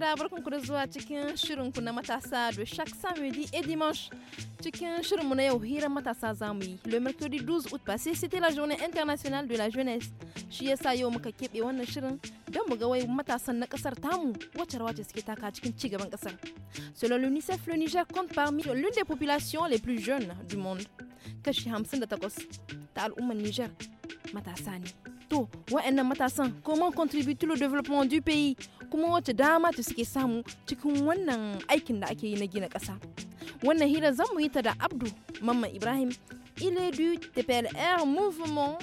fada ku da zuwa cikin ku na matasa da shak samedi et dimanche cikin shirinmu na yau hirar matasa za mu yi le mercredi 12 août passé c'était la journée internationale de la jeunesse shi yasa yau muka keɓe wannan shirin don mu ga wai matasan na ƙasar tamu wacce rawa ce suke taka cikin cigaban selon l'unicef le niger compte parmi l'une des populations les plus jeunes du monde kashi 58 ta al'ummar niger matasa ne to wa'annan matasan kuma contribute le development du pays kuma wace dama ta suke samu cikin wannan aikin da ake yi na gina ƙasa wannan hira zan mu yi ta da abdu mamman ibrahim il est du TPLR, mouvement,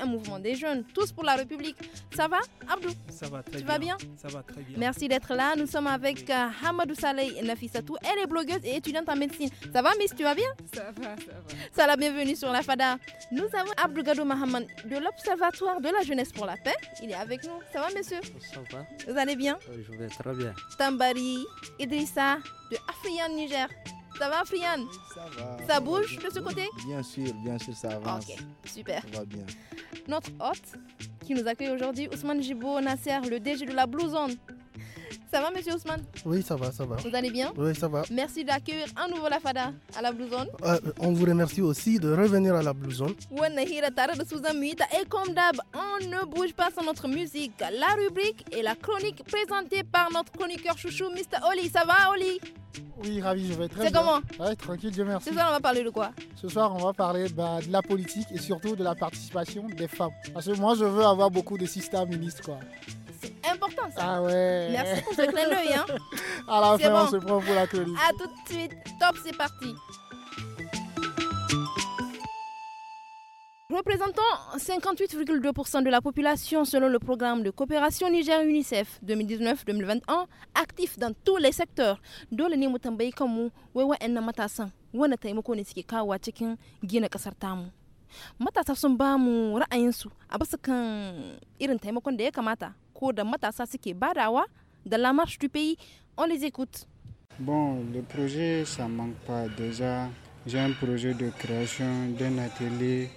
un mouvement des jeunes, tous pour la République. Ça va, Abdou Ça va très bien. Tu vas bien Ça va très bien. Merci d'être là. Nous sommes avec euh, Hamadou Saleh Nafisatou. Elle est blogueuse et étudiante en médecine. Ça va, Miss Tu vas bien Ça va, ça va. Ça la bienvenue sur la FADA. Nous avons Abdou Gadou Mahaman de l'Observatoire de la jeunesse pour la paix. Il est avec nous. Ça va, monsieur Ça va. Vous allez bien oui, Je vais très bien. Tambari Idrissa de Afrian Niger. Ça va, Friane Ça bouge de ce côté Bien sûr, bien sûr, ça avance. Ok, super. Ça va bien. Notre hôte qui nous accueille aujourd'hui, Ousmane Jibo Nasser, le DG de la Blue Zone. Ça va, monsieur Ousmane Oui, ça va, ça va. Vous allez bien Oui, ça va. Merci d'accueillir un nouveau Lafada à la Blue euh, on vous remercie aussi de revenir à la Blue Zone. on ne bouge pas sans notre musique. La rubrique et la chronique présentée par notre chroniqueur chouchou, Mr. Oli. Ça va, Oli oui, ravi, je vais très bien. C'est comment Ouais, tranquille, Dieu merci. Ce soir, on va parler de quoi Ce soir, on va parler bah, de la politique et surtout de la participation des femmes. Parce que moi, je veux avoir beaucoup de systèmes ministres, C'est important, ça. Ah ouais. Merci. Je te claque l'œil. Hein. À la bon. on se pour la À tout de suite. Top, c'est parti. Représentant 58,2% de la population selon le programme de coopération Niger-UNICEF 2019-2021, actif dans tous les secteurs, dole le mu tambayi kanmu enna wa'annan matasan wani taimako ne suke kawowa cikin gina kasar tamu. Matasa sun ba mu ra'ayinsu a basu kan irin taimakon da ya kamata ko da matasa suke badawa dans la marche du pays. On les écoute. Bon, le projet, ça ne manque pas. Déjà, j'ai un projet de création d'un atelier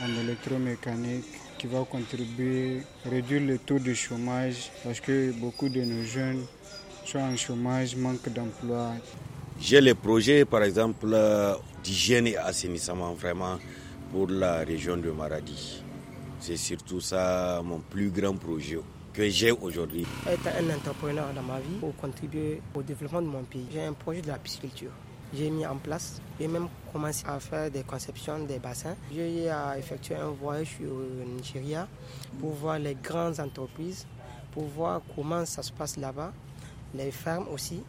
en électromécanique qui va contribuer à réduire le taux de chômage parce que beaucoup de nos jeunes sont en chômage, manquent d'emploi. J'ai les projets, par exemple, euh, d'hygiène et assainissement vraiment pour la région de Maradi. C'est surtout ça mon plus grand projet que j'ai aujourd'hui. Être un entrepreneur dans ma vie pour contribuer au développement de mon pays. J'ai un projet de la pisciculture. J'ai mis en place, j'ai même commencé à faire des conceptions des bassins. J'ai effectué un voyage au Nigeria pour voir les grandes entreprises, pour voir comment ça se passe là-bas, les fermes aussi.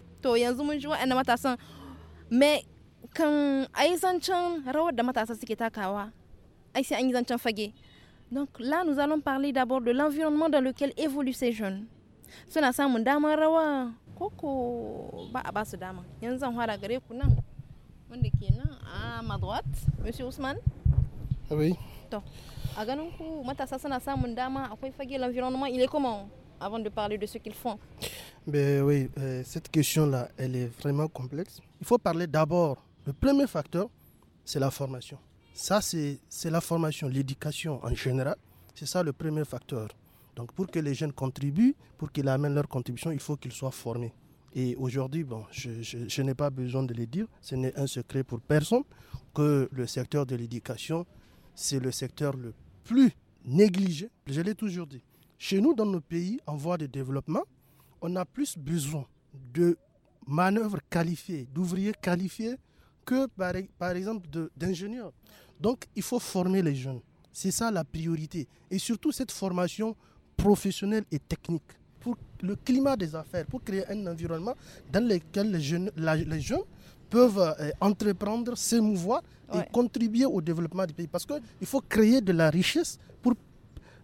Mais quand donc là, nous allons parler d'abord de l'environnement dans lequel évoluent ces jeunes. ça mon dame rawa koko ba ba basu dame. Yanzu zan fara gare ku nan wanda ke à a droite, Monsieur Ousmane. Ah oui. To, a ku matasa suna samun dama akwai fage l'environnement, il est comment avant de parler de ce qu'ils font Ben oui, euh, cette question-là, elle est vraiment complexe. Il faut parler d'abord, le premier facteur, c'est la formation. Ça, c'est la formation, l'éducation en général. C'est ça le premier facteur. Donc pour que les jeunes contribuent, pour qu'ils amènent leur contribution, il faut qu'ils soient formés. Et aujourd'hui, bon, je, je n'ai pas besoin de le dire, ce n'est un secret pour personne que le secteur de l'éducation, c'est le secteur le plus négligé. Je l'ai toujours dit. Chez nous, dans nos pays en voie de développement, on a plus besoin de manœuvres qualifiées, d'ouvriers qualifiés que par, exemple d'ingénieurs. Donc il faut former les jeunes. C'est ça la priorité. Et surtout cette formation professionnelle et technique pour le climat des affaires, pour créer un environnement dans lequel les jeunes, les jeunes peuvent euh, entreprendre, s'émouvoir et contribuer au développement du pays. Parce qu'il faut créer de la richesse pour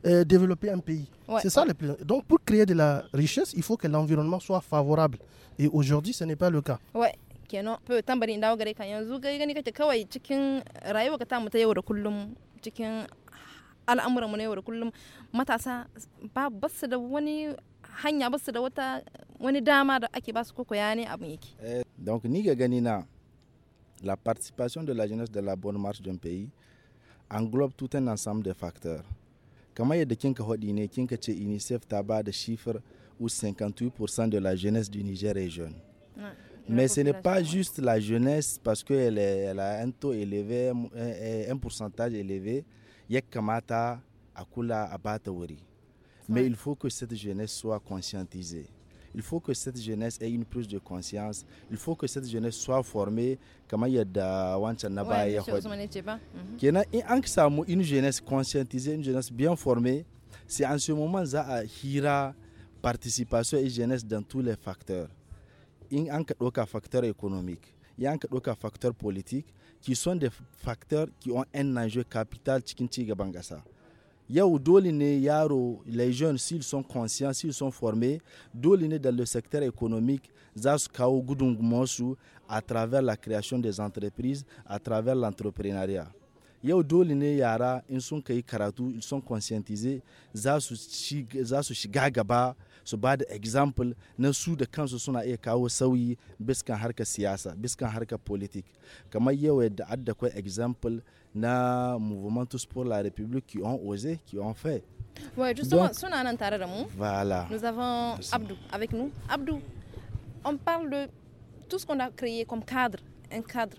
euh, développer un pays. C'est ça le plus. Donc pour créer de la richesse, il faut que l'environnement soit favorable. Et aujourd'hui, ce n'est pas le cas. Ouais kenan fa tambari dawo gare ka yanzu gai gani kake kawai cikin rayuwar ka tamu ta yau da kullum cikin al'amuran mu na yau da kullum matasa ba basu da wani hanya ba su da wata wani dama da ake basu koko ya ne abin yake eh, donc ni ga gani na la participation de la jeunesse de la bonne marche d'un pays englobe tout un ensemble de facteurs kamar yadda ka hodi ne kinka ce unicef ta ba da chiffre ou 58% de la jeunesse du niger est jeune ouais. Mais ce n'est pas hein. juste la jeunesse parce qu'elle a un taux élevé, un, pourcentage élevé. Akula, Mais il faut que cette jeunesse soit conscientisée. Il faut que cette jeunesse ait une plus de conscience. Il faut que cette jeunesse soit formée. Comment mhm. il y a une jeunesse conscientisée, une jeunesse bien formée. C'est en ce moment ça hira participation et jeunesse dans tous les facteurs. Il y a ka ɗauka facteur économique il y a un ɗauka facteur politique qui sont des facteurs qui ont un enjeu capital cikin ci gaban ƙasa yau dole ne yaro les jeunes s'ils sont conscients s'ils sont formés dole ne dans le secteur économique za su kawo à travers la création des entreprises à travers l'entrepreneuriat yau dole ne yara in sun kai karatu ils sont conscientisés za su shiga gaba su ba da example na su da kansu suna iya kawo sauyi biskan harkar siyasa biskan harkar politik kamar yau yadda adda kwai example na mouvement pour la république qui ont osé qui ont fait ouais justement suna nan tare da mu voilà nous avons Abdou avec nous Abdou on parle de tout ce qu'on a créé comme cadre un cadre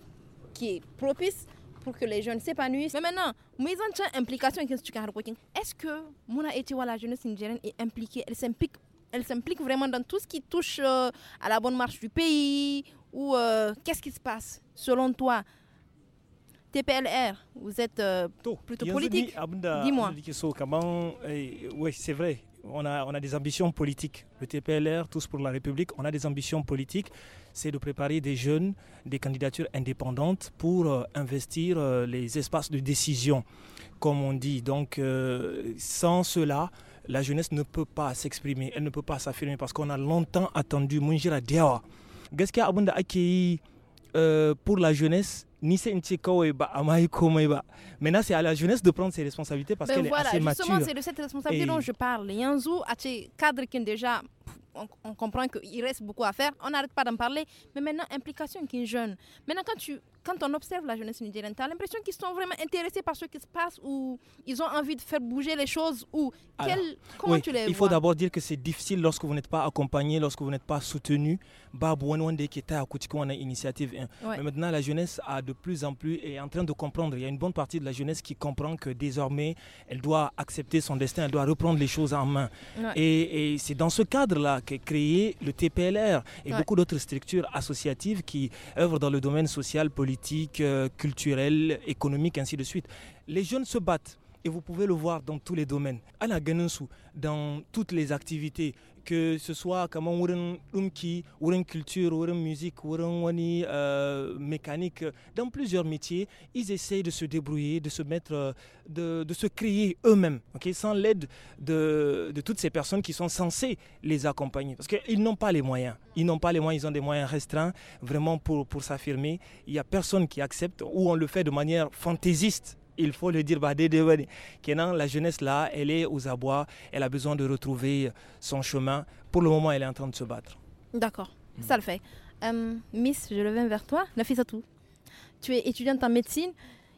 qui est propice pour que les jeunes s'épanouissent. Mais maintenant, mais en implication, est-ce que Mouna Etiwa, la jeunesse nigérienne, est impliquée Elle s'implique elle s'implique vraiment dans tout ce qui touche euh, à la bonne marche du pays ou euh, qu'est-ce qui se passe selon toi TPLR, vous êtes euh, plutôt politique. Dis-moi. Oui, c'est vrai. On a, on a des ambitions politiques. Le TPLR, Tous pour la République, on a des ambitions politiques. C'est de préparer des jeunes, des candidatures indépendantes pour investir les espaces de décision, comme on dit. Donc, sans cela, la jeunesse ne peut pas s'exprimer, elle ne peut pas s'affirmer parce qu'on a longtemps attendu Munjira Diawa. Euh, pour la jeunesse ni c'est Maintenant, c'est à la jeunesse de prendre ses responsabilités parce ben qu'elle est assez mature. justement, c'est de cette responsabilité dont je parle. Yanzou, à cadre qui déjà on, comprend qu'il reste beaucoup à faire, on n'arrête pas d'en parler, mais maintenant, implication qui est jeune. Maintenant, quand, tu, quand on observe la jeunesse nigérienne, tu as l'impression qu'ils sont vraiment intéressés par ce qui se passe ou ils ont envie de faire bouger les choses ou comment tu les Il faut d'abord dire que c'est difficile lorsque vous n'êtes pas accompagné, lorsque vous n'êtes pas soutenu. qui Initiative Mais maintenant, la jeunesse a de de plus en plus est en train de comprendre. Il y a une bonne partie de la jeunesse qui comprend que désormais, elle doit accepter son destin, elle doit reprendre les choses en main. Et, c'est dans ce cadre-là qu'est créé le TPLR et beaucoup d'autres structures associatives qui œuvrent dans le domaine social, politique, euh, culturel, économique, ainsi de suite. Les jeunes se battent et vous pouvez le voir dans tous les domaines. À la dans toutes les activités, que ce soit comme un umki, une culture une musique une euh, mécanique dans plusieurs métiers ils essayent de se débrouiller de se mettre euh, de, se créer eux-mêmes ok sans l'aide de, toutes ces personnes qui sont censées les accompagner parce qu'ils n'ont pas les moyens ils n'ont pas les moyens ils ont des moyens restreints vraiment pour pour s'affirmer il n'y a personne qui accepte ou on le fait de manière fantaisiste il faut le dire. non la jeunesse là, elle est aux abois, elle a besoin de retrouver son chemin. Pour le moment, elle est en train de se battre. D'accord, mm. ça le fait. Euh, miss, je le viens vers toi. à tout. Tu es étudiante en médecine.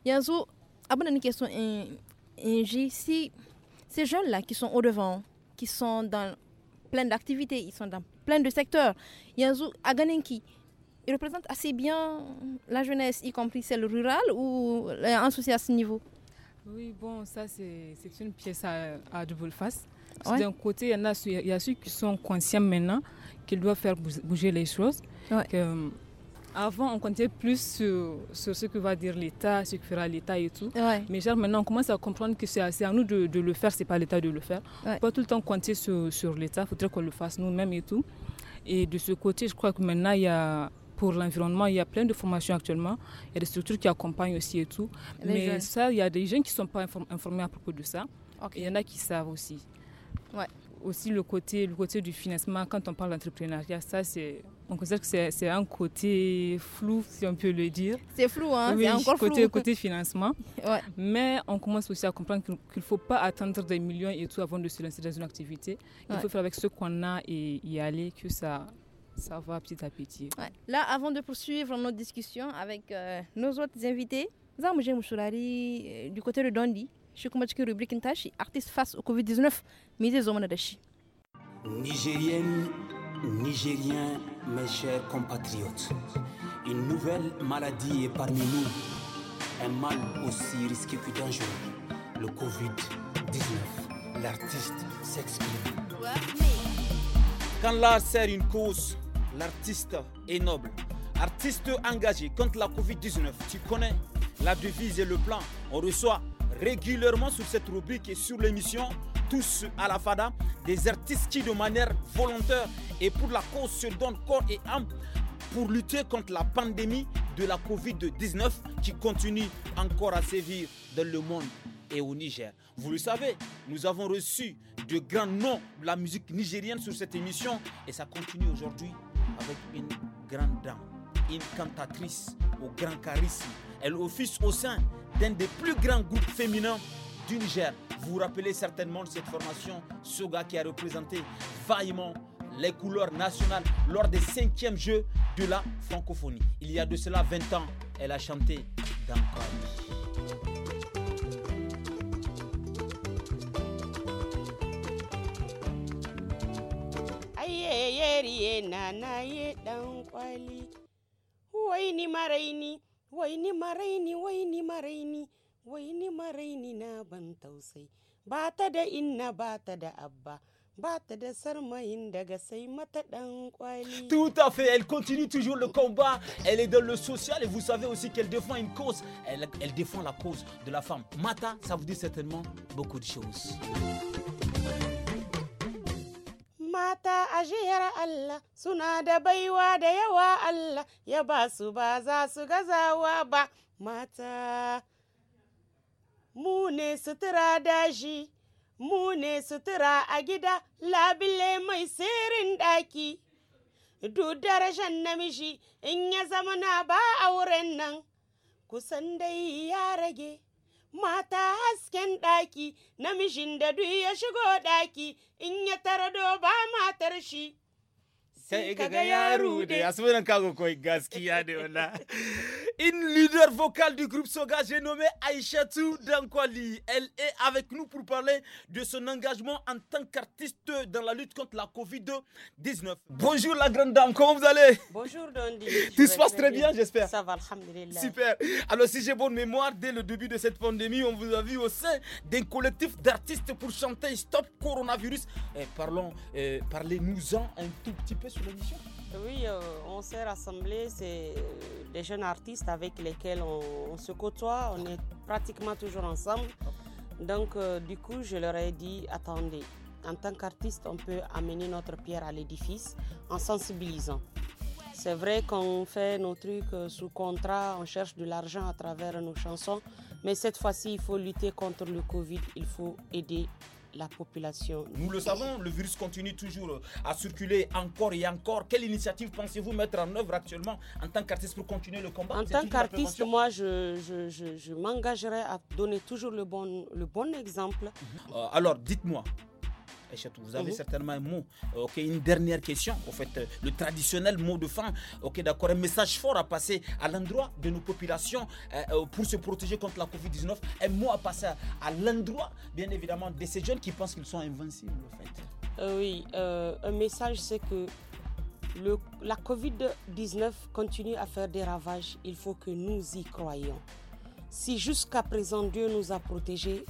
Yazo abonne une question. Si ces jeunes-là qui sont au devant, qui sont dans plein d'activités, ils sont dans plein de secteurs, Yazo Aganenki, il représente assez bien la jeunesse, y compris celle rurale ou euh, souci à ce niveau Oui, bon, ça c'est une pièce à, double face. D'un côté, il y, en a, il y a ceux qui sont conscients maintenant qu'ils doivent faire bouger les choses. Euh, avant, on comptait plus sur, ce que va dire l'État, ce que fera l'État et tout. Mais genre, maintenant, on commence à comprendre que c'est à nous de, de, le faire, c'est pas l'État de le faire. Pas tout le temps compter sur, sur l'État, il faudrait qu'on le fasse nous-mêmes et tout. Et de ce côté, je crois que maintenant, il y a pour l'environnement. Il y a plein de formations actuellement. Il y a des structures qui accompagnent aussi et tout. Mais ça, il y a des gens qui ne sont pas informés à propos de ça. Il y en a qui savent aussi. Ouais. Aussi le côté, le côté du financement, quand on parle d'entrepreneuriat, ça c'est... On considère que c'est un côté flou, si on peut le dire. C'est flou, hein encore côté, flou. Côté financement. ouais. Mais on commence aussi à comprendre qu'il ne faut pas attendre des millions et tout avant de se lancer dans une activité. Il faut faire avec ce qu'on a et y aller, que ça ça va petit à petit. Là, avant de poursuivre notre discussion avec euh, nos autres invités, Zamouje Mouchourari euh, du côté de Dondi, je suis rubrique artiste face au Covid-19, Mide Omanadashi. Nigérienne, Nigérien, mes chers compatriotes, une nouvelle maladie est parmi nous, un mal aussi risqué que dangereux, le Covid-19. L'artiste s'exprime. Quand l'art sert une cause, l'artiste est noble. Artiste engagé contre la Covid-19, tu connais la devise et le plan. On reçoit régulièrement sur cette rubrique et sur l'émission tous à la FADA, des artistes qui de manière volontaire et pour la cause se donnent corps et âme pour lutter contre la pandémie de la Covid-19 qui continue encore à sévir dans le monde et au Niger. Vous le savez, nous avons reçu de grands noms de la musique nigérienne sur cette émission et ça continue aujourd'hui avec une grande dame, une cantatrice au grand charisme. Elle office au sein d'un des plus grands groupes féminins du Niger. Vous vous rappelez certainement de cette formation, Soga qui a représenté vaillamment les couleurs nationales lors des cinquièmes Jeux de la francophonie. Il y a de cela 20 ans, elle a chanté Tout à fait, elle continue toujours le combat. Elle est dans le social et vous savez aussi qu'elle défend une cause. Elle, elle, défend la cause de la femme. Mata, ça vous dit certainement beaucoup de choses. kashiyar Allah suna da baiwa da yawa Allah ya ba su ba za su gazawa ba mata mu ne sutura dashi mu ne sutura a gida labile mai sirrin ɗaki duk da namiji in ya zama na ba auren nan kusan dai ya rage mata hasken ɗaki namijin da duk ya shigo ɗaki in ya tara doba matar shi une leader vocale du groupe Soga, j'ai nommé Aïchatou Dankwali. Elle est avec nous pour parler de son engagement en tant qu'artiste dans la lutte contre la Covid-19. Bonjour la grande dame, comment vous allez Bonjour Dondi. Tout se passe très bien, j'espère. Ça va, Super. Alors si j'ai bonne mémoire, dès le début de cette pandémie, on vous a vu au sein d'un collectif d'artistes pour chanter Stop Coronavirus. Eh, parlons, eh, parlez-nous-en un tout petit peu sur Oui, euh, on s'est rassemblés, c'est euh, des jeunes artistes avec lesquels on, se côtoie, on est pratiquement toujours ensemble. Donc euh, du coup, je leur ai dit, attendez, en tant qu'artiste, on peut amener notre pierre à l'édifice en sensibilisant. C'est vrai qu'on fait nos trucs sous contrat, on cherche de l'argent à travers nos chansons, mais cette fois-ci, il faut lutter contre le Covid, il faut aider la population. Nous le savons, le virus continue toujours à circuler encore et encore. Quelle initiative pensez-vous mettre en œuvre actuellement en tant qu'artiste pour continuer le combat En tant qu'artiste, moi, je, je, m'engagerai à donner toujours le bon, le bon exemple. Mhm. Euh, alors, dites-moi, vous avez mhm. certainement un mot, euh, ok, une dernière question, en fait, euh, le traditionnel mot de fin, ok, d'accord, un message fort à passer à l'endroit de nos populations euh, pour se protéger contre la COVID-19, un mot à passer à l'endroit, bien évidemment, de ces jeunes qui pensent qu'ils sont invincibles, fait. oui, un message, c'est que le, la COVID-19 continue à faire des ravages, il faut que nous y croyons. Si jusqu'à présent Dieu nous a protégés,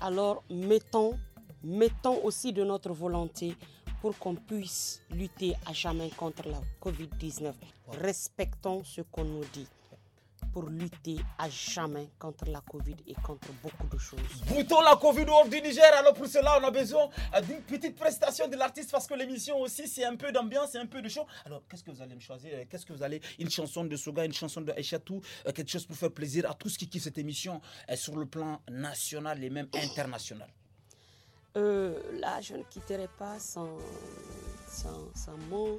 alors mettons mettons aussi de notre volonté pour qu'on puisse lutter à jamais contre la COVID-19. Respectons ce qu'on nous dit pour lutter à jamais contre la Covid et contre beaucoup de choses. Boutons la Covid hors du Niger. Alors pour cela, on a besoin euh, d'une petite prestation de l'artiste parce que l'émission aussi, c'est un peu d'ambiance, c'est un peu de show. Alors qu'est-ce que vous allez me choisir euh, Qu'est-ce que vous allez Une chanson de Soga, une chanson de Echatou, euh, quelque chose pour faire plaisir à tous qui kiffent cette émission sur le plan national et même international. Euh, là, je ne quitterai pas sans, sans, sans mon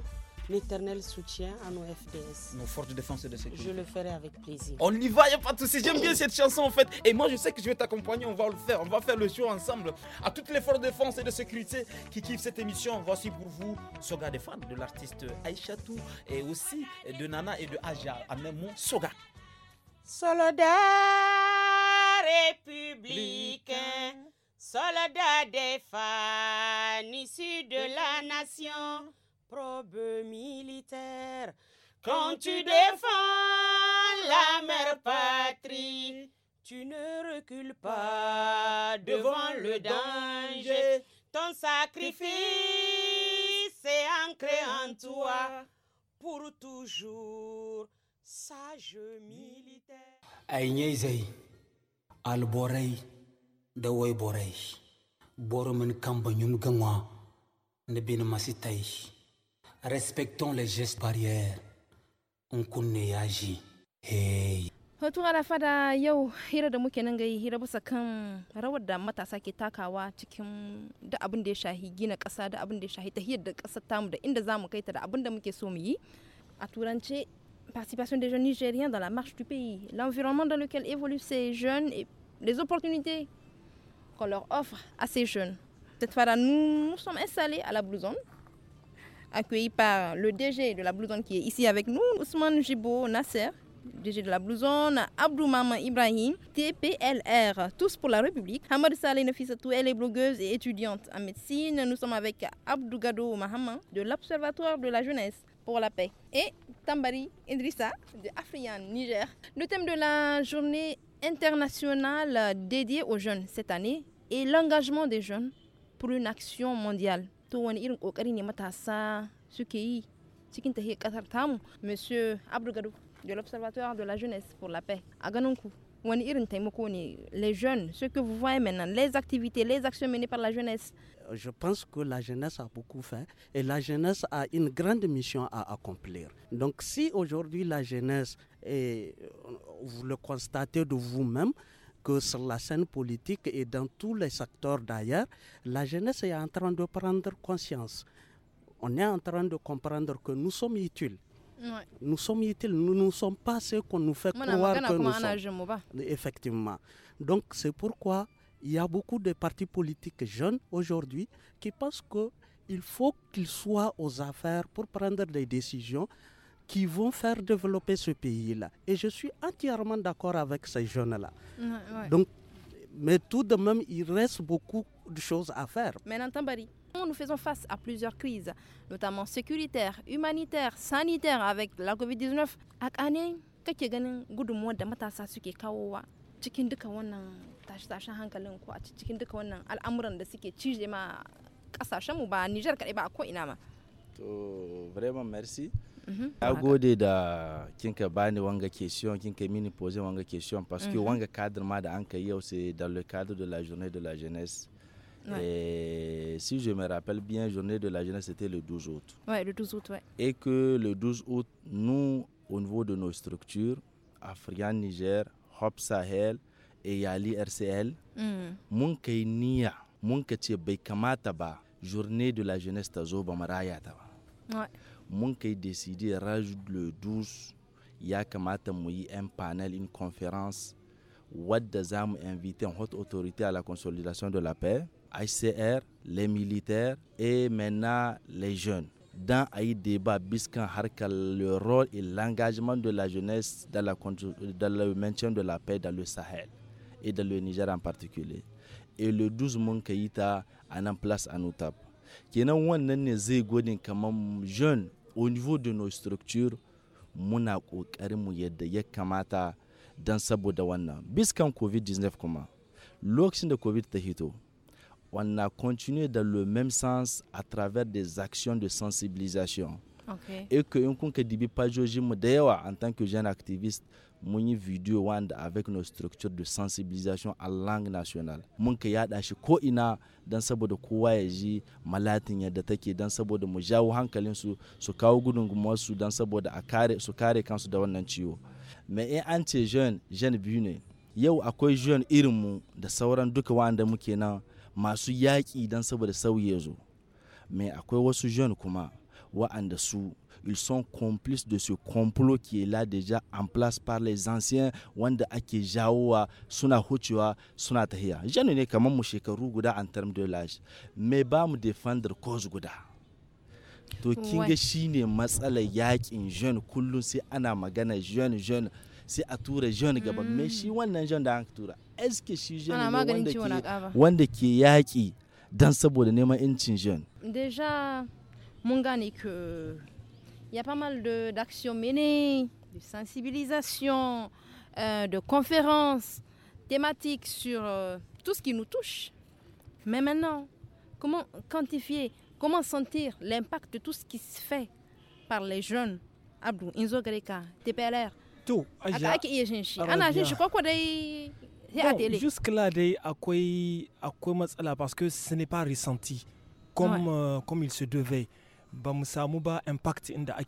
éternel soutien à nos FDS. Nos forces de défense et de sécurité. Je le ferai avec plaisir. On y va, il n'y a pas de souci. J'aime bien cette chanson en fait. Et moi, je sais que je vais t'accompagner. On va le faire. On va faire le show ensemble. À toutes les forces de défense et de sécurité qui kiffent cette émission, voici pour vous Soga des fans de l'artiste Aïchatou et aussi de Nana et de Aja. À même mot, Soga. Soldat républicain. Soldat des fans, issus de la nation, probe militaire, quand tu défends la mère patrie, tu ne recules pas devant le danger. Ton sacrifice est ancré en toi pour toujours, sage militaire dawoi borei boro min kamba nyum gangwa nabin masitai respectons les gestes barrières on kunne yaji hey hoto ala fada yau hira da muke nan gai hira bisa kan rawar da matasa ke takawa cikin da abin da ya shahi gina kasa da abin da ya shahi tahiyar da kasar tamu da inda zamu kai ta da abin muke so mu yi participation des jeunes nigériens dans la marche du pays, l'environnement dans lequel évoluent ces jeunes et les opportunités leur offre à ces jeunes. Cette fois-là, nous, nous sommes installés à la zone accueillis par le DG de la Zone qui est ici avec nous, Ousmane Jibo Nasser, DG de la blue Abdou Maman Ibrahim, TPLR, tous pour la République. Hamad Saleh Nafisatou, elle est blogueuse et étudiante en médecine. Nous sommes avec Abdou Gado Mahama de l'Observatoire de la jeunesse pour la paix et Tambari Idrissa de Afrian Niger. Le thème de la journée internationale dédiée aux jeunes cette année et l'engagement des jeunes pour une action mondiale. Monsieur Abdou de l'Observatoire de la jeunesse pour la paix a les jeunes ce que vous voyez maintenant les activités les actions menées par la jeunesse euh, je pense que la jeunesse a beaucoup fait et la jeunesse a une grande mission à accomplir donc si aujourd'hui la jeunesse est, euh, vous le constatez de vous-même sur la scène politique et dans tous les secteurs d'ailleurs, la jeunesse est en train de prendre conscience. On est en train de comprendre que nous sommes utiles. Nous sommes utiles, nous ne sommes pas ceux qu'on nous fait croire que nous sommes. Effectivement. Donc c'est pourquoi il y a beaucoup de partis politiques jeunes aujourd'hui qui pensent qu'il faut qu'ils soient aux affaires pour prendre des décisions qui vont faire développer ce pays-là. Et je suis entièrement d'accord avec ces jeunes-là. Donc, mais tout de même, il reste beaucoup de choses à faire. Maintenant, Tambari, nous faisons face à plusieurs crises, notamment sécuritaires, humanitaires, sanitaires avec la COVID-19. vraiment merci. Je mhm. gode da kinka bani wanga question, kinka mini wanga question parce que mhm. wanga cadre ma da anka yow c'est dans le cadre de la journée de la jeunesse. Et si je me rappelle bien, journée de la jeunesse c'était le 12 août. Ouais, le 12 août, ouais. Et que le 12 août, nous au niveau de nos structures, Afrique, Niger, Hop Sahel et Yali RCL, mhm. mun kai niyya, mun journée de la jeunesse ta zo ba de ta mun kay décidé rajouter le 12 ya kamata mu un panel une conférence où za mu inviter en haute autorité à la consolidation de la paix HCR les militaires et maintenant les jeunes dans un débat biscan le rôle et l'engagement de la jeunesse dans, la, dans le maintien de la paix dans le Sahel et dans le Niger en particulier. Et le 12 a en place à table kenan wannan ne zai gwadin kamar jeune au niveau de nos structures muna ƙoƙarin mu yadda ya kamata don saboda wannan biskan covid-19 kuma lokacin da covid ta hito on a continué dans le même sens à travers des actions de sensibilisation. Okay. Et que nous mu dit que en tant que jeune activiste, mun yi video wanda avec nos structure de sensibilisation a langue nationale mun ka yada shi ko ina don saboda kowa ya ji malatin yadda take dan saboda mu jawo hankalin su su kawo gudunmuwar su don saboda a kare su kare kansu da wannan ciwo me in an ce jeune jeune biyu ne yau akwai jeune irin mu da sauran duka wanda muke nan masu yaƙi don saboda sauye zo me akwai wasu jeune kuma en dessous ils sont complices de ce complot qui est là déjà en place par les anciens wanda ake jawowa suna hucewa suna tahiya jani ne kamar mu shekaru guda en termes de l'âge mais ba mu défendre cause guda to kinga ga shine matsalar yakin jeune kullum sai ana magana jeune jeune sai hmm. a tura jeune gaba mais shi wannan jeun da an tura est shi jeune wanda ke wanda ke yaki dan saboda neman incin jeune deja mon gars que il y a pas mal d'actions menées, de sensibilisation, de conférences thématiques sur tout ce qui nous touche. Mais maintenant, comment quantifier, comment sentir l'impact de tout ce qui se fait par les jeunes Abdou, Inzo Greka, TPLR. Tout. Jusque-là, à quoi... parce que ce n'est pas ressenti comme, comme il se devait ba musamu ba impact inda à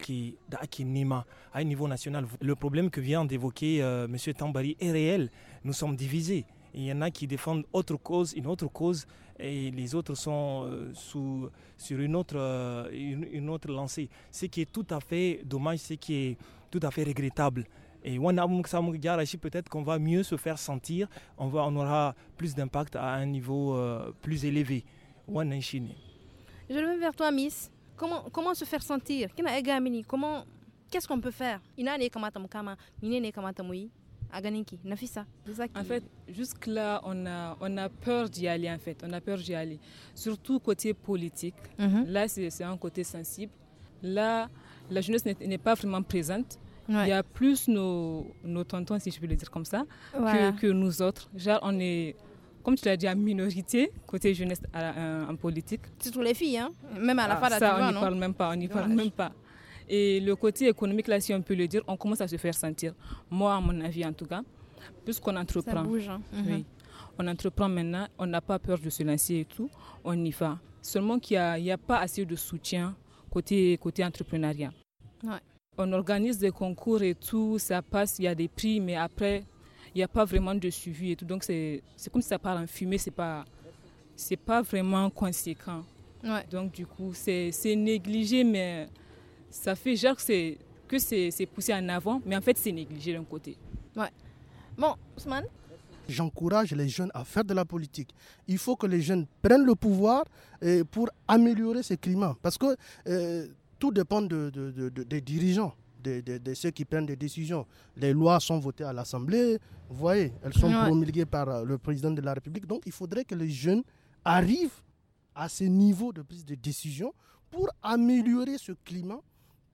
un niveau national. Le problème que vient d'évoquer euh, Monsieur M. Tambari est réel. Nous sommes divisés. Il y en a qui défendent autre cause, une autre cause, et les autres sont euh, sous, sur une autre, euh, une, autre lancée. Ce qui est tout à fait dommage, ce qui est tout à fait regrettable. Et peut-être qu'on va mieux se faire sentir, on, va, on aura plus d'impact à un niveau plus élevé. Je reviens vers toi, Miss comment, se faire sentir comment qu'est-ce qu'on peut faire en fait, jusque-là, on a, on a peur d'y aller, en fait. On a peur d'y aller. Surtout côté politique. Mhm. Là, c'est un côté sensible. Là, la jeunesse n'est pas vraiment présente. Il y a plus nos, nos tontons, si je peux le dire comme ça, que, que nous autres. Genre, on est comme tu l'as dit, à minorité, côté jeunesse euh, en politique. Surtout les filles, hein? même à la fin de la on n'y parle même pas, on n'y parle même pas. Et le côté économique, là, si on peut le dire, on commence à se faire sentir. Moi, à mon avis, en tout cas, puisqu'on entreprend. Ça bouge, hein. oui. Mm-hmm. On entreprend maintenant, on n'a pas peur de se lancer et tout, on y va. Seulement qu'il n'y a, a, pas assez de soutien côté, côté entrepreneuriat. Ouais. On organise des concours et tout, ça passe, il y a des prix, mais après, il n'y a pas vraiment de suivi et tout. Donc c'est comme si ça part en fumée, c'est pas c'est pas vraiment conséquent. Donc du coup c'est négligé, mais ça fait genre que que c'est poussé en avant, mais en fait c'est négligé d'un côté. Ouais. Bon, Ousmane. J'encourage les jeunes à faire de la politique. Il faut que les jeunes prennent le pouvoir eh, pour améliorer ce climat. Parce que eh, tout dépend de, de, des dirigeants de, ceux qui prennent des décisions. Les lois sont votées à l'Assemblée, vous voyez, elles sont promulguées par euh, le président de la République. Donc il faudrait que les jeunes arrivent à ce niveau de prise de décision pour améliorer ce climat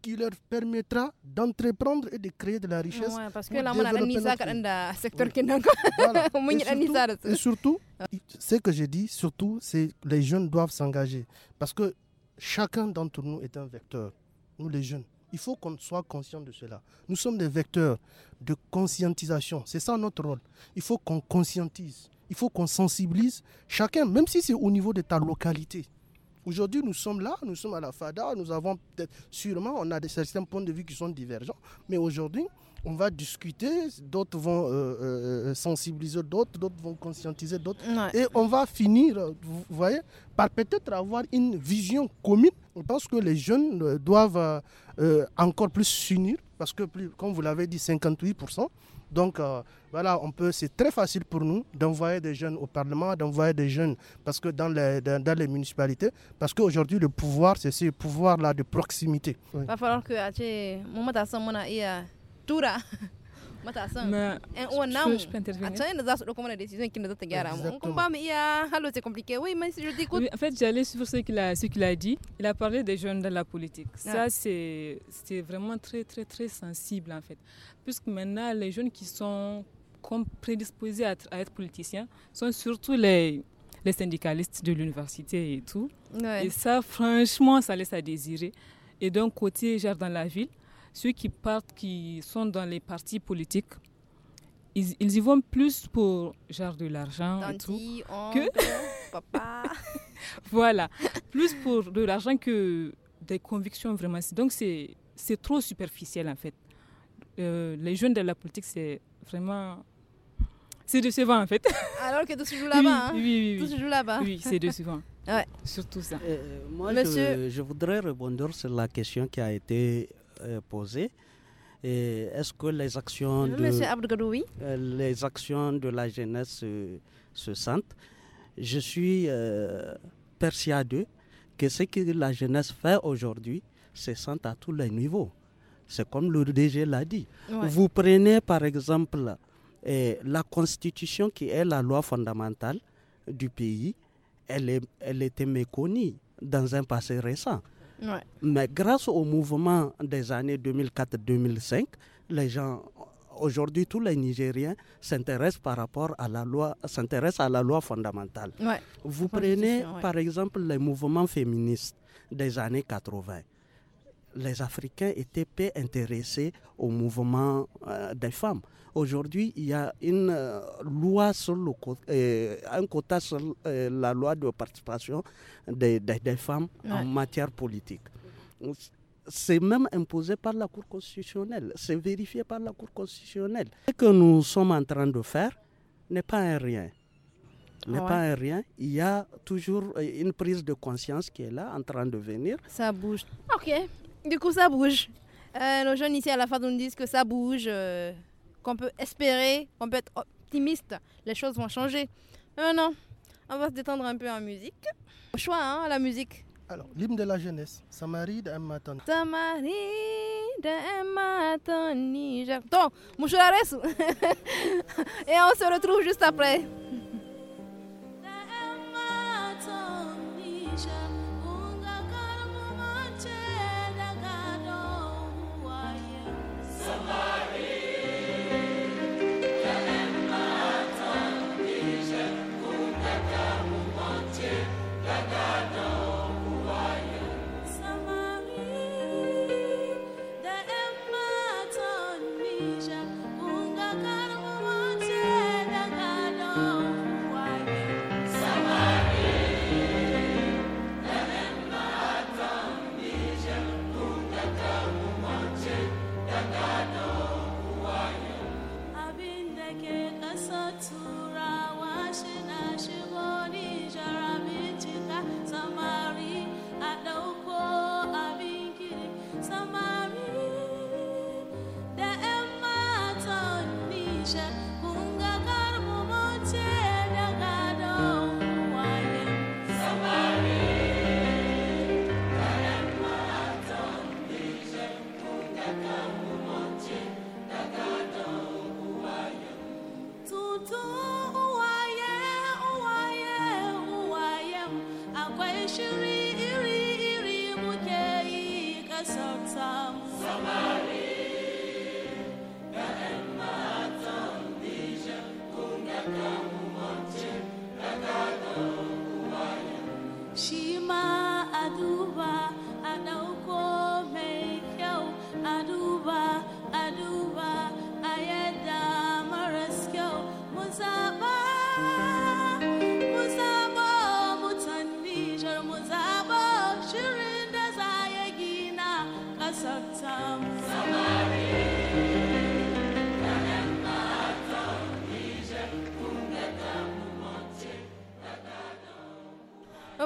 qui leur permettra d'entreprendre et de créer de la richesse. parce que là, on a un secteur qui voilà. Et surtout, et surtout ce que j'ai dit, surtout, c'est les jeunes doivent s'engager. Parce que chacun d'entre nous est un vecteur. Nous, les jeunes. Il faut qu'on soit conscient de cela. Nous sommes des vecteurs de conscientisation. C'est ça notre rôle. Il faut qu'on conscientise. Il faut qu'on sensibilise chacun, même si c'est au niveau de ta localité. Aujourd'hui, nous sommes là, nous sommes à la FADA, nous avons peut-être, sûrement, on a des, certains points de vue qui sont divergents, mais aujourd'hui, on va discuter, d'autres vont euh, euh, euh, sensibiliser d'autres, d'autres vont conscientiser d'autres. Et on va finir, vous voyez, par peut-être avoir une vision commune. Je pense que les jeunes doivent encore plus s'unir, parce que, comme vous l'avez dit, 58%. Donc voilà, on peut, c'est très facile pour nous d'envoyer des jeunes au Parlement, d'envoyer des jeunes parce que dans les, municipalités, parce qu'aujourd'hui le pouvoir, c'est ce pouvoir-là de proximité. Il Va falloir que Eh, compliqué oui mais je en fait j'allais sur ce qu'il a dit il a parlé des jeunes dans la politique ah. ça c'est c'est vraiment très très très sensible en fait puisque maintenant les jeunes qui sont comme prédisposés à, être politiciens sont surtout les les syndicalistes de l'université et tout. Et ça, franchement, ça laisse à désirer. Et d'un côté, genre dans la ville, ceux qui partent, qui sont dans les partis politiques, ils, y vont plus pour genre de l'argent et tout que papa. voilà, plus pour de l'argent que des convictions vraiment. Donc c'est c'est trop superficiel en fait. Euh, les jeunes de la politique, c'est vraiment c'est décevant en fait. Alors que tout se joue là-bas. Hein. Oui, oui, oui, Tout se joue là-bas. Oui, c'est décevant. ouais. Surtout ça. Euh, Monsieur... je, je, voudrais rebondir sur la question qui a été euh, posée. Est-ce que les actions, euh, de, euh, les actions de la jeunesse se, sentent Je suis persuadé que ce que la jeunesse fait aujourd'hui se sent à tous les niveaux. C'est comme le DG l'a dit. Vous prenez par exemple la constitution qui est la loi fondamentale du pays, elle, elle était méconnue dans un passé récent. Mais grâce au mouvement des années 2004-2005, les gens aujourd'hui tous les Nigériens s'intéressent par rapport à la loi, s'intéressent à la loi fondamentale. Vous prenez par exemple les mouvements féministes des années 80 les Africains étaient peu intéressés au mouvement euh, des femmes. Aujourd'hui, il y a une euh, loi sur le, euh, un quota sur la loi de participation des, femmes en matière politique. C'est même imposé par la Cour constitutionnelle, c'est vérifié par la Cour constitutionnelle. Ce que nous sommes en train de faire n'est pas un rien n'est pas un rien. Il y a toujours une prise de conscience qui est là, en train de venir. Ça bouge. OK. Du coup, ça bouge. Euh, nos jeunes ici à la fin, nous disent que ça bouge, euh, qu'on peut espérer, qu'on peut être optimiste, les choses vont changer. maintenant, on va se détendre un peu en musique. Au choix, hein, la musique. Alors, l'hymne de la jeunesse, Samari de Matoni. Samari de Matoni. Donc, Et on se retrouve juste après. Somebody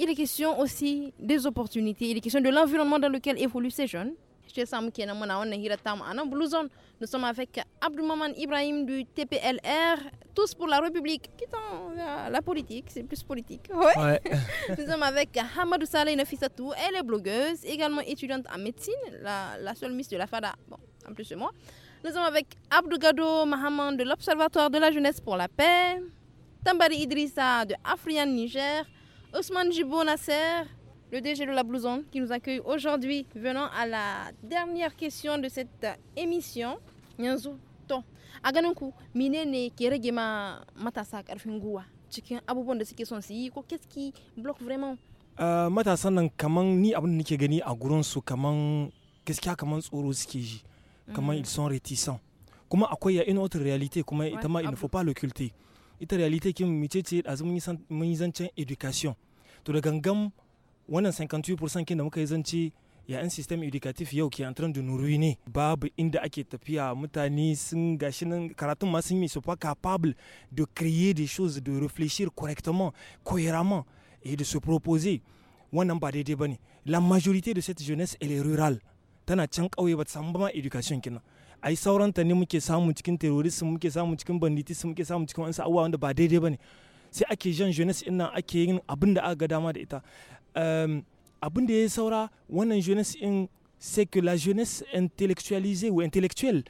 Il est question aussi des opportunités, il est question de l'environnement dans lequel évoluent ces jeunes. Nous sommes avec Abdou Maman Ibrahim du TPLR, tous pour la République, quittant la politique, c'est plus politique. Nous sommes avec Hamadou Saleh Nafisatou, elle est blogueuse, également étudiante en médecine, la, seule miss de la FADA, bon, en plus de moi. Nous sommes avec Abdou Gado Mahaman de l'Observatoire de la jeunesse pour la paix, Tambari Idrissa de Afrian Niger, Ousmane Jibo Nasser, le DG de la Blouson, qui nous accueille aujourd'hui. Venons à la dernière question de cette émission. Yanzu ton. a ganin ku menene ke rage ma matasa karfin guwa cikin abubuwan da suke son su yi qu'est-ce qui bloque vraiment Uh, matasan nan kaman ni abin da nake gani a gurin quest kaman gaskiya kaman tsoro suke ji kaman mm. ils sont réticents il y a une autre réalité Comment ouais, il ne faut pas l'occulter ita realite kin mice ce a mun yi zancen education to da gangan wannan 58% kin da muka yi zance ya an system educative yau ke train da nuru ne babu inda ake tafiya mutane sun gashi nan karatun ma sun yi su capable de créer des choses de réfléchir correctement cohéremment et de se proposer wannan ba daidai bane la majorité de cette jeunesse elle est rurale tana can kauye ba ta samu ba ma education kinan a sauranta ne muke samu cikin terrorism muke samu cikin banditism muke samu cikin wasu abubuwa wanda ba daidai bane sai ake jan jeunesse qui nan ake yin abin da aka ga dama da ita ehm, abin da ya saura wannan jeunesse in c'est que la jeunesse intellectualisée ou intellectuelle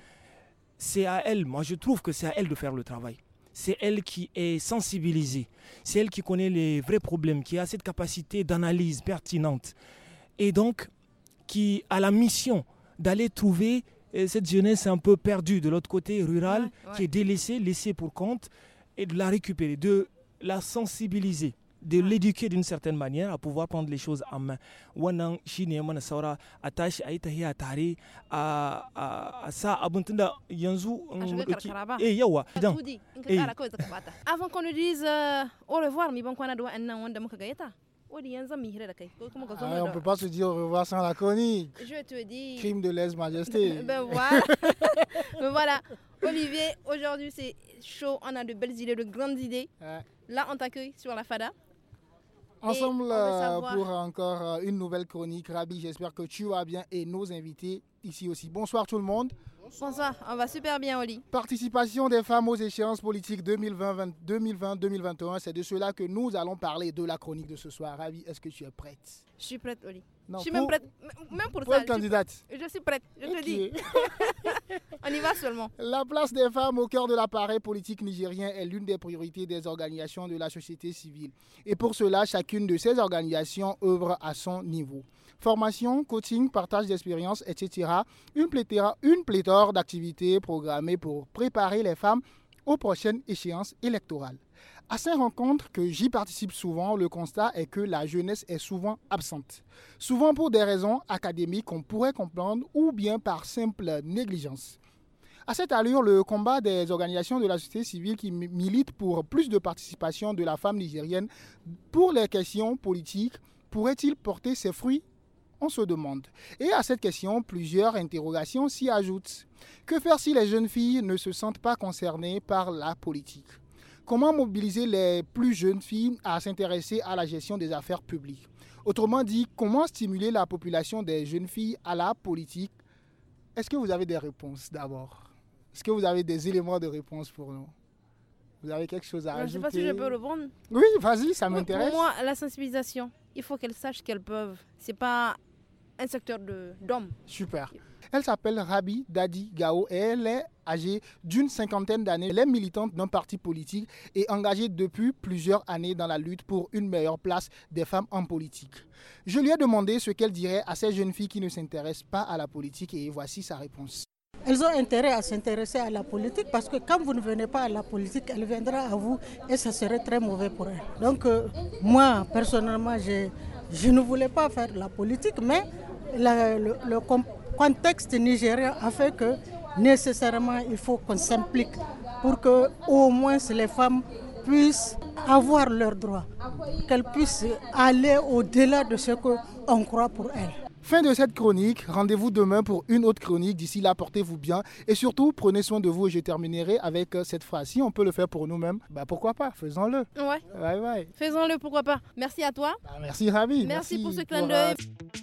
c'est à elle moi je trouve que c'est à elle de faire le travail c'est elle qui est sensibilisée, c'est elle qui connaît les vrais problèmes, qui a cette capacité d'analyse pertinente et donc qui a la mission d'aller trouver et cette jeunesse un peu perdue de l'autre côté rural, ouais, ouais. qui est délaissée, laissée pour compte, et de la récupérer, de la sensibiliser de l'éduquer d'une certaine manière à pouvoir prendre les choses en main wannan shine mana saura a tashi a yi tahiya tare a sa abin tunda yanzu mm, eh yawa eh. avant qu'on nous dise euh, au revoir mi ban kwana da wa'annan wanda muka gayyata on ah, ne peut pas se dire au revoir sans la chronique. Je te dis. Crime de lèse-majesté. Ben, ben voilà. Olivier, aujourd'hui c'est chaud. On a de belles idées, de grandes idées. Là, on t'accueille sur la FADA. Ensemble euh, pour encore euh, une nouvelle chronique. Rabi, j'espère que tu vas bien et nos invités ici aussi. Bonsoir tout le monde. Bonsoir, on va super bien Oli. Participation des femmes aux échéances politiques 2020-2021, c'est de cela que nous allons parler de la chronique de ce soir. Ravi, est-ce que tu es prête Je suis prête Oli. je suis même prête, même pour, ça. Je, suis prête, je te dis. on y va seulement. La place des femmes au cœur de l'appareil politique nigérien est l'une des priorités des organisations de la société civile. Et pour cela, chacune de ces organisations œuvre à son niveau. Formation, coaching, partage d'expériences, etc. Une pléthore, une pléthore d'activités programmées pour préparer les femmes aux prochaines échéances électorales. À ces rencontres que j'y participe souvent, le constat est que la jeunesse est souvent absente. Souvent pour des raisons académiques qu'on pourrait comprendre ou bien par simple négligence. À cette allure, le combat des organisations de la société civile qui militent pour plus de participation de la femme nigérienne pour les questions politiques pourrait-il porter ses fruits on se demande. Et à cette question, plusieurs interrogations s'y ajoutent. Que faire si les jeunes filles ne se sentent pas concernées par la politique Comment mobiliser les plus jeunes filles à s'intéresser à la gestion des affaires publiques Autrement dit, comment stimuler la population des jeunes filles à la politique Est-ce que vous avez des réponses d'abord Est-ce que vous avez des éléments de réponse pour nous vous avez quelque chose à ajouter Je ne sais pas si je peux répondre. Oui, vas-y, ça m'intéresse. Pour moi, la sensibilisation, il faut qu'elles sachent qu'elles peuvent. C'est pas un secteur d'hommes. Super. Elle s'appelle Rabi Dadi Gao et elle est âgée d'une cinquantaine d'années. Elle est militante d'un parti politique et engagée depuis plusieurs années dans la lutte pour une meilleure place des femmes en politique. Je lui ai demandé ce qu'elle dirait à ces jeunes filles qui ne s'intéressent pas à la politique et voici sa réponse. Elles ont intérêt à s'intéresser à la politique parce que quand vous ne venez pas à la politique, elle viendra à vous et ça serait très mauvais pour elle. Donc euh, moi, personnellement, je, je ne voulais pas faire la politique, mais le, contexte nigérien a fait que nécessairement il faut qu'on s'implique pour que au moins les femmes puissent avoir leurs droits, qu'elles puissent aller au-delà de ce qu'on croit pour elles. Fin de cette chronique, rendez-vous demain pour une autre chronique. D'ici là, portez-vous bien et surtout prenez soin de vous. je terminerai avec euh, cette phrase. Si on peut le faire pour nous-mêmes, bah, pourquoi pas Faisons-le. Ouais. Faisons-le, pourquoi pas. Merci à toi. Bah, merci Ravi. Merci, merci, pour ce clin d'œil. Euh,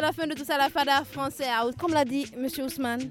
c'est la fin de tout ça, la Fada français out. Comme l'a dit Monsieur Ousmane,